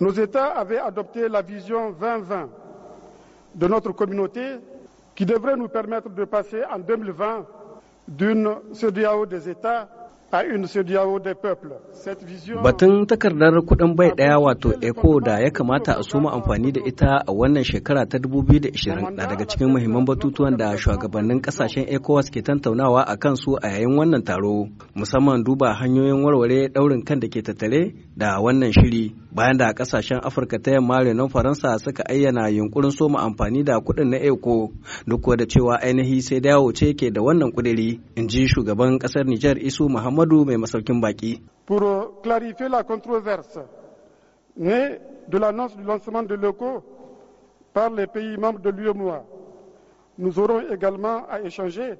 Nos États avaient adopté la vision 2020 de notre communauté qui devrait nous permettre de passer en 2020 d'une CEDEAO des États Batun takardar kuɗin bai ɗaya wato ECO da ya kamata a suma amfani da ita a wannan shekara ta 2020 na daga cikin muhimman batutuwan da shugabannin kasashen ECOWAS ke tantaunawa akan su a yayin wannan taro musamman duba hanyoyin warware ɗaurin kan da ke tattare da wannan shiri bayan da kasashen afirka ta yamma renon faransa suka ayyana yunkurin soma amfani da kuɗin na eco duk da cewa ainihi sai dawo ce ke da wannan kudiri in ji shugaban ƙasar nijar isu muhammadu mai masaukin baki pour clarifier la controverse née de l'annonce du lancement de l'eco par les pays membres de l'UEMOA nous aurons également à échanger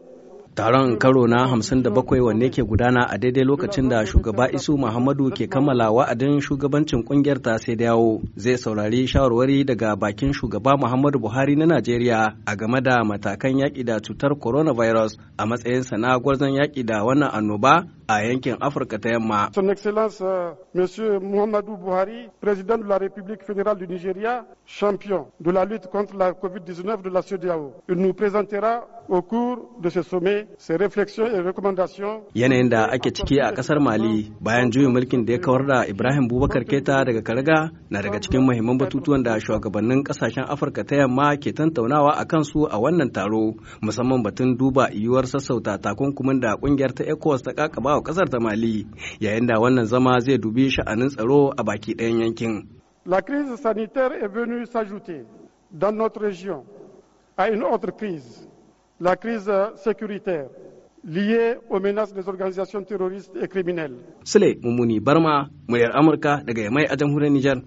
Taron karo na bakwai wanne ke gudana a daidai lokacin da shugaba Isu Muhammadu ke kammala wa'adin shugabancin kungiyar ta sai dawo zai saurari shawarwari daga bakin shugaba Muhammadu Buhari na Najeriya a game da matakan yaƙi da cutar coronavirus a matsayinsa na gwarzon yaƙi da wannan annoba a yankin Afirka ta yamma. Son Excellence euh, Monsieur Muhammadu Buhari, president de la République fédérale du Nigeria, champion de la lutte contre la COVID-19 de la CEDEAO. Il nous présentera au cours de ce sommet ses réflexions et recommandations. Yanayin da ake ciki a kasar Mali bayan juyin mulkin da ya kawar da Ibrahim Bubakar Keta daga Karaga na daga cikin muhimman batutuwan da shugabannin kasashen afirka ta yamma ke tantaunawa a kansu a wannan taro musamman batun duba yiwuwar sassauta takunkumin da kungiyar ta ecowas ta kakaba wa kasar ta mali yayin da wannan zama zai dubi sha'anin tsaro a baki ɗayan yankin la crise sanitaire est venue s'ajouter dans notre région à une autre crise la crise sécuritaire liée aux menaces des organisations terroristes et criminelles. Sule Mummuni Barma, muryar Amurka daga Yamai a jamhuriyar Nijar.